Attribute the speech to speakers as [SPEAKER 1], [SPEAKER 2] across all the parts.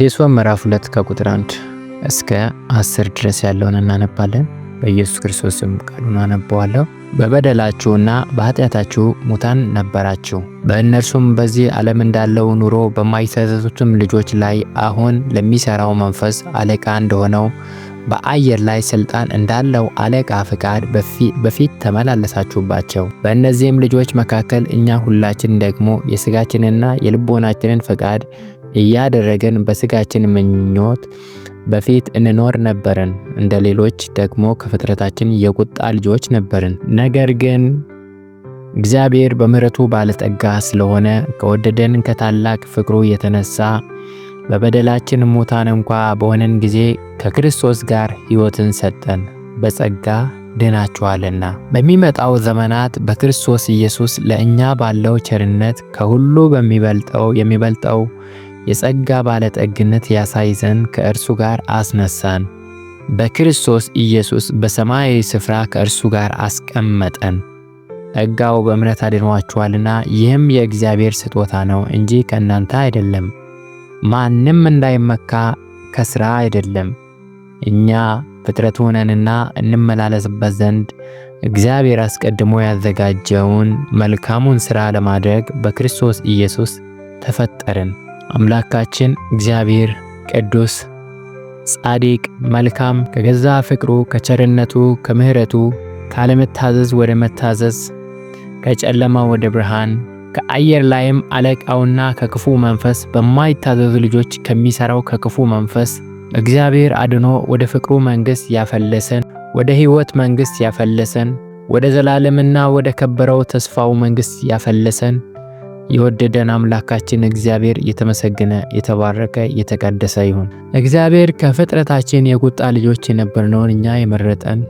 [SPEAKER 1] ኤፌሶን ምዕራፍ 2 ከቁጥር 1 እስከ 10 ድረስ ያለውን እናነባለን። በኢየሱስ ክርስቶስ ስም ቃሉን አነበዋለሁ። በበደላችሁና በኃጢአታችሁ ሙታን ነበራችሁ፣ በእነርሱም በዚህ ዓለም እንዳለው ኑሮ በማይሰሰቱትም ልጆች ላይ አሁን ለሚሠራው መንፈስ አለቃ እንደሆነው በአየር ላይ ሥልጣን እንዳለው አለቃ ፍቃድ በፊት ተመላለሳችሁባቸው። በእነዚህም ልጆች መካከል እኛ ሁላችን ደግሞ የሥጋችንና የልቦናችንን ፈቃድ እያደረገን በስጋችን ምኞት በፊት እንኖር ነበርን። እንደ ሌሎች ደግሞ ከፍጥረታችን የቁጣ ልጆች ነበርን። ነገር ግን እግዚአብሔር በምሕረቱ ባለጠጋ ስለሆነ ከወደደን ከታላቅ ፍቅሩ የተነሳ በበደላችን ሙታን እንኳ በሆነን ጊዜ ከክርስቶስ ጋር ሕይወትን ሰጠን። በጸጋ ድናችኋልና በሚመጣው ዘመናት በክርስቶስ ኢየሱስ ለእኛ ባለው ቸርነት ከሁሉ በሚበልጠው የሚበልጠው የጸጋ ባለጠግነት ያሳይ ዘንድ ከእርሱ ጋር አስነሳን። በክርስቶስ ኢየሱስ በሰማያዊ ስፍራ ከእርሱ ጋር አስቀመጠን። ጸጋው በእምነት አድኗችኋልና ይህም የእግዚአብሔር ስጦታ ነው እንጂ ከእናንተ አይደለም፣ ማንም እንዳይመካ ከሥራ አይደለም። እኛ ፍጥረት ሆነንና እንመላለስበት ዘንድ እግዚአብሔር አስቀድሞ ያዘጋጀውን መልካሙን ሥራ ለማድረግ በክርስቶስ ኢየሱስ ተፈጠርን። አምላካችን እግዚአብሔር ቅዱስ፣ ጻድቅ፣ መልካም ከገዛ ፍቅሩ ከቸርነቱ ከምሕረቱ ካለመታዘዝ ወደ መታዘዝ ከጨለማ ወደ ብርሃን ከአየር ላይም አለቃውና ከክፉ መንፈስ በማይታዘዙ ልጆች ከሚሰራው ከክፉ መንፈስ እግዚአብሔር አድኖ ወደ ፍቅሩ መንግሥት ያፈለሰን ወደ ሕይወት መንግሥት ያፈለሰን ወደ ዘላለምና ወደ ከበረው ተስፋው መንግሥት ያፈለሰን የወደደን አምላካችን እግዚአብሔር የተመሰገነ የተባረከ የተቀደሰ ይሁን። እግዚአብሔር ከፍጥረታችን የቁጣ ልጆች የነበርነውን እኛ የመረጠን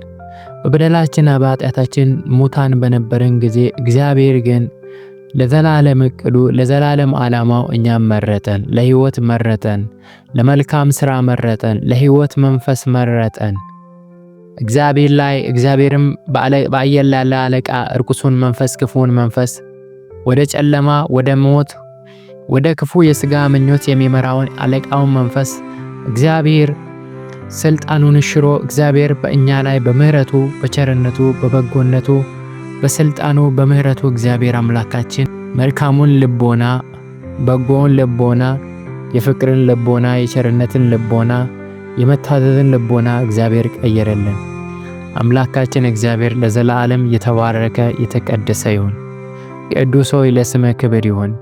[SPEAKER 1] በበደላችንና በኃጢአታችን ሙታን በነበረን ጊዜ እግዚአብሔር ግን ለዘላለም እቅዱ ለዘላለም ዓላማው እኛም መረጠን፣ ለሕይወት መረጠን፣ ለመልካም ሥራ መረጠን፣ ለሕይወት መንፈስ መረጠን። እግዚአብሔር ላይ እግዚአብሔርም በአየር ላለ አለቃ እርኩሱን መንፈስ ክፉን መንፈስ ወደ ጨለማ፣ ወደ ሞት፣ ወደ ክፉ የሥጋ ምኞት የሚመራውን አለቃውን መንፈስ እግዚአብሔር ስልጣኑን ሽሮ እግዚአብሔር በእኛ ላይ በምሕረቱ በቸርነቱ በበጎነቱ በስልጣኑ በምሕረቱ እግዚአብሔር አምላካችን መልካሙን ልቦና በጎውን ልቦና የፍቅርን ልቦና የቸርነትን ልቦና የመታዘዝን ልቦና እግዚአብሔር ቀየረልን። አምላካችን እግዚአብሔር ለዘላለም የተባረከ የተቀደሰ ይሁን። ቅዱስ ሆይ ለስምህ ክብር ይሁን።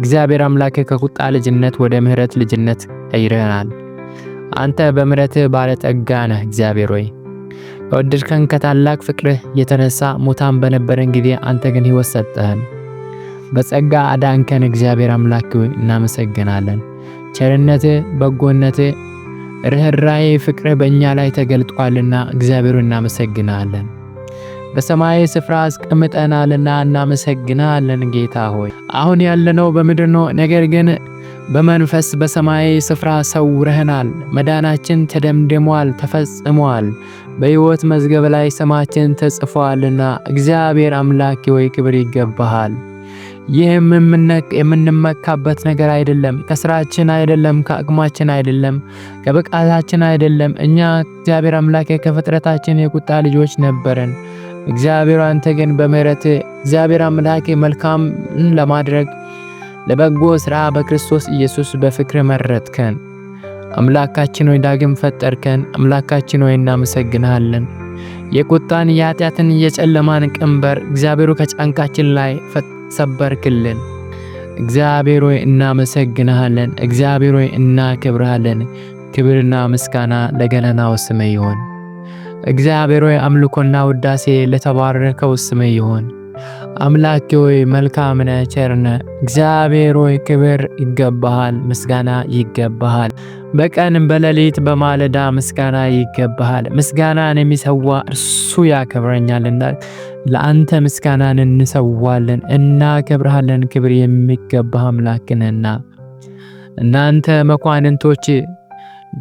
[SPEAKER 1] እግዚአብሔር አምላክ ከቁጣ ልጅነት ወደ ምሕረት ልጅነት ቀይረናል። አንተ በምሕረትህ ባለጠጋ ነህ። እግዚአብሔር ሆይ በወደድከን ከታላቅ ፍቅርህ የተነሳ ሙታን በነበረን ጊዜ አንተ ግን ሕይወት ሰጠህን። በጸጋ አዳንከን። እግዚአብሔር አምላክ እናመሰግናለን። ቸርነትህ፣ በጎነትህ፣ ርኅራዬ፣ ፍቅርህ በእኛ ላይ ተገልጧልና እግዚአብሔር እናመሰግናለን። በሰማያዊ ስፍራ አስቀምጠናልና እናመሰግናለን ጌታ ሆይ። አሁን ያለነው በምድር ነው፣ ነገር ግን በመንፈስ በሰማያዊ ስፍራ ሰውረህናል። መዳናችን ተደምድሟል፣ ተፈጽሟል። በሕይወት መዝገብ ላይ ስማችን ተጽፏልና እግዚአብሔር አምላኪ ሆይ ክብር ይገባሃል። ይህ የምንመካበት ነገር አይደለም፣ ከስራችን አይደለም፣ ከአቅማችን አይደለም፣ ከብቃታችን አይደለም። እኛ እግዚአብሔር አምላክ ከፍጥረታችን የቁጣ ልጆች ነበረን። እግዚአብሔር አንተ ግን በምሕረት እግዚአብሔር አምላኬ መልካም ለማድረግ ለበጎ ሥራ በክርስቶስ ኢየሱስ በፍቅር መረጥከን። አምላካችን ሆይ ዳግም ፈጠርከን። አምላካችን ሆይ እናመሰግናለን። የቁጣን የኃጢአትን የጨለማን ቀንበር እግዚአብሔሩ ከጫንቃችን ላይ ሰበርክልን። እግዚአብሔር ሆይ እናመሰግናለን። እግዚአብሔር ሆይ እናከብርሃለን። ክብርና ምስጋና ለገናናው ስም ይሆን። እግዚአብሔር ሆይ አምልኮና ውዳሴ ለተባረከው ስም ይሁን። አምላኬ ሆይ መልካም ነህ፣ ቸር እግዚአብሔር ሆይ ክብር ይገባሃል፣ ምስጋና ይገባሃል። በቀን በሌሊት በማለዳ ምስጋና ይገባሃል። ምስጋናን የሚሰዋ እርሱ ያከብረኛልና ለአንተ ምስጋናን እንሰዋለን፣ እናከብርሃለን። ክብር የሚገባ አምላክ እናንተ መኳንንቶች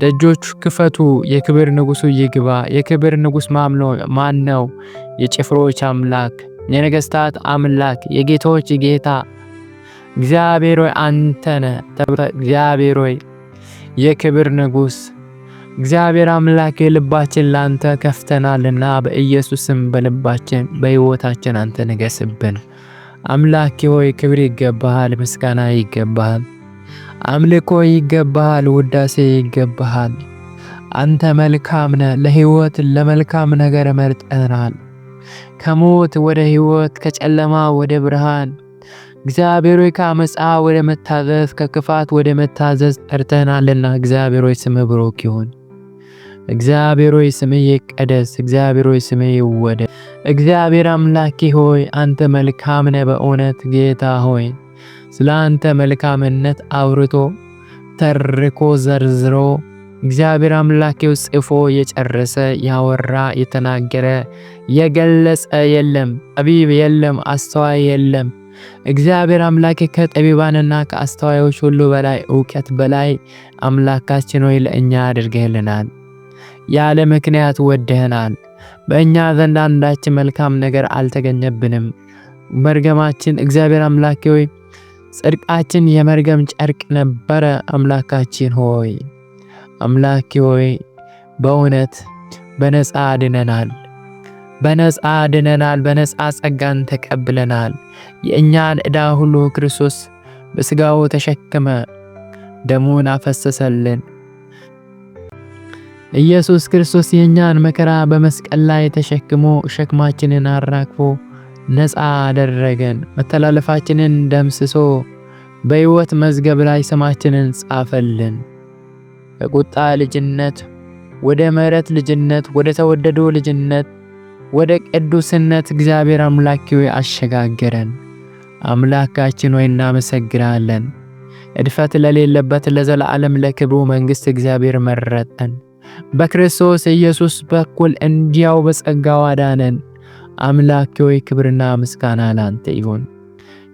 [SPEAKER 1] ደጆች ክፈቱ፣ የክብር ንጉሱ ይግባ። የክብር ንጉስ ማን ነው? የጭፍሮች አምላክ፣ የነገስታት አምላክ፣ የጌቶች ጌታ እግዚአብሔር ሆይ አንተነ እግዚአብሔር ሆይ የክብር ንጉስ እግዚአብሔር አምላክ ልባችን ላንተ ከፍተናልና በኢየሱስም በልባችን በህይወታችን አንተ ንገስብን። አምላኬ ሆይ ክብር ይገባሃል፣ ምስጋና ይገባሃል። አምልኮ ይገባሃል፣ ውዳሴ ይገባሃል። አንተ መልካም ነህ። ለህይወት ለመልካም ነገር መርጠናል። ከሞት ወደ ህይወት፣ ከጨለማ ወደ ብርሃን እግዚአብሔር ሆይ ከአመፃ ወደ መታዘዝ፣ ከክፋት ወደ መታዘዝ ጠርተናልና እግዚአብሔር ሆይ ስምህ ብሩክ ይሁን። እግዚአብሔር ሆይ ስምህ ይቀደስ። እግዚአብሔር ሆይ ስምህ ይወደድ። እግዚአብሔር አምላኬ ሆይ አንተ መልካም ነህ። በእውነት ጌታ ሆይ ስለ አንተ መልካምነት አውርቶ ተርኮ ዘርዝሮ እግዚአብሔር አምላኬው ጽፎ የጨረሰ ያወራ የተናገረ የገለጸ የለም። ጠቢብ የለም፣ አስተዋይ የለም። እግዚአብሔር አምላኬ ከጠቢባንና ከአስተዋዮች ሁሉ በላይ እውቀት በላይ አምላካችን ሆይ ለእኛ አድርገህልናል። ያለ ምክንያት ወደህናል። በእኛ ዘንድ አንዳችን መልካም ነገር አልተገኘብንም። መርገማችን እግዚአብሔር አምላኬ ሆይ ጽድቃችን የመርገም ጨርቅ ነበረ። አምላካችን ሆይ አምላኪ ሆይ በእውነት በነፃ አድነናል፣ በነፃ አድነናል፣ በነፃ ጸጋን ተቀብለናል። የእኛን ዕዳ ሁሉ ክርስቶስ በሥጋው ተሸክመ ደሙን አፈሰሰልን። ኢየሱስ ክርስቶስ የእኛን መከራ በመስቀል ላይ ተሸክሞ ሸክማችንን አራግፎ ነፃ አደረገን። መተላለፋችንን ደምስሶ በሕይወት መዝገብ ላይ ስማችንን ጻፈልን። ከቁጣ ልጅነት ወደ ምሕረት ልጅነት፣ ወደ ተወደዶ ልጅነት፣ ወደ ቅዱስነት እግዚአብሔር አምላኪ ሆይ አሸጋገረን። አምላካችን ሆይ እናመሰግናለን። እድፈት ለሌለበት ለዘላለም ለክብሩ መንግሥት እግዚአብሔር መረጠን። በክርስቶስ ኢየሱስ በኩል እንዲያው በጸጋው አዳነን። አምላኬ ሆይ ክብርና ምስጋና ላንተ ይሁን።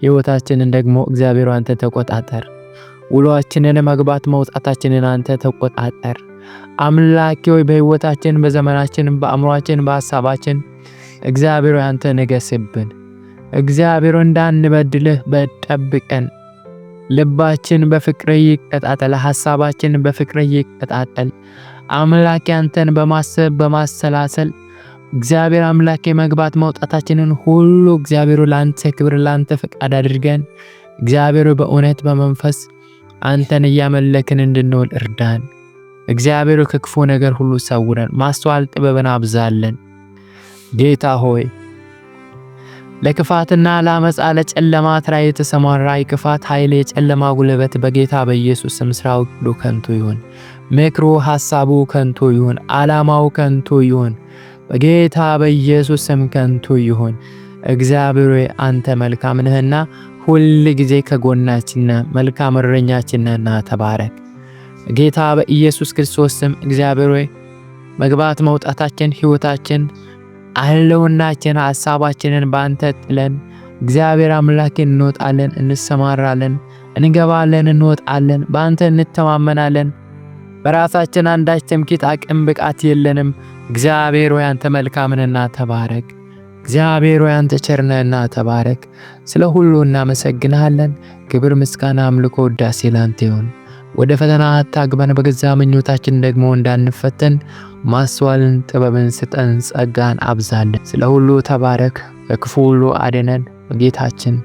[SPEAKER 1] ሕይወታችንን ደግሞ እግዚአብሔር አንተ ተቆጣጠር። ውሏችንን መግባት መውጣታችንን አንተ ተቆጣጠር። አምላኬ ሆይ በሕይወታችን፣ በዘመናችን፣ በአእምሯችን፣ በሐሳባችን እግዚአብሔር አንተ ንገስብን። እግዚአብሔር እንዳንበድልህ በጠብቀን። ልባችን በፍቅር ይቀጣጠል። ሐሳባችን በፍቅር ይቀጣጠል። አምላኬ አንተን በማሰብ በማሰላሰል እግዚአብሔር አምላክ የመግባት መውጣታችንን ሁሉ እግዚአብሔሩ ለአንተ ክብር ለአንተ ፈቃድ አድርገን እግዚአብሔሩ በእውነት በመንፈስ አንተን እያመለክን እንድንውል እርዳን። እግዚአብሔሩ ከክፉ ነገር ሁሉ ሰውረን፣ ማስተዋል ጥበብን አብዛለን። ጌታ ሆይ ለክፋትና ለአመፃ ለጨለማ ስራ የተሰማራ የክፋት ኃይል የጨለማ ጉልበት በጌታ በኢየሱስ ስም ስራው ሁሉ ከንቱ ይሁን። ምክሩ ሐሳቡ ከንቱ ይሁን። ዓላማው ከንቱ ይሁን። በጌታ በኢየሱስ ስም ከንቱ ይሁን። እግዚአብሔር አንተ መልካም ነህና ሁል ጊዜ ከጎናችን መልካም እረኛችን ነህና ተባረክ። ጌታ በኢየሱስ ክርስቶስ ስም እግዚአብሔር ሆይ መግባት መውጣታችን፣ ህይወታችን፣ አለውናችን፣ ሀሳባችንን በአንተ ጥለን እግዚአብሔር አምላክ እንወጣለን፣ እንሰማራለን፣ እንገባለን፣ እንወጣለን፣ በአንተ እንተማመናለን። በራሳችን አንዳች ትምክህት፣ አቅም፣ ብቃት የለንም። እግዚአብሔር ሆይ አንተ መልካምንና ተባረክ። እግዚአብሔር ሆይ አንተ ቸርነህና ተባረክ። ስለ ሁሉ እናመሰግንሃለን። ክብር፣ ምስጋና፣ አምልኮ፣ ውዳሴ ላንተ ይሁን። ወደ ፈተና አታግባን፣ በገዛ ምኞታችን ደግሞ እንዳንፈተን ማስዋልን ጥበብን ስጠን፣ ጸጋን አብዛለን። ስለ ሁሉ ተባረክ። በክፉ ሁሉ አድነን። ጌታችን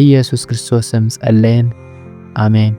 [SPEAKER 1] ኢየሱስ ክርስቶስም ጸለየን። አሜን።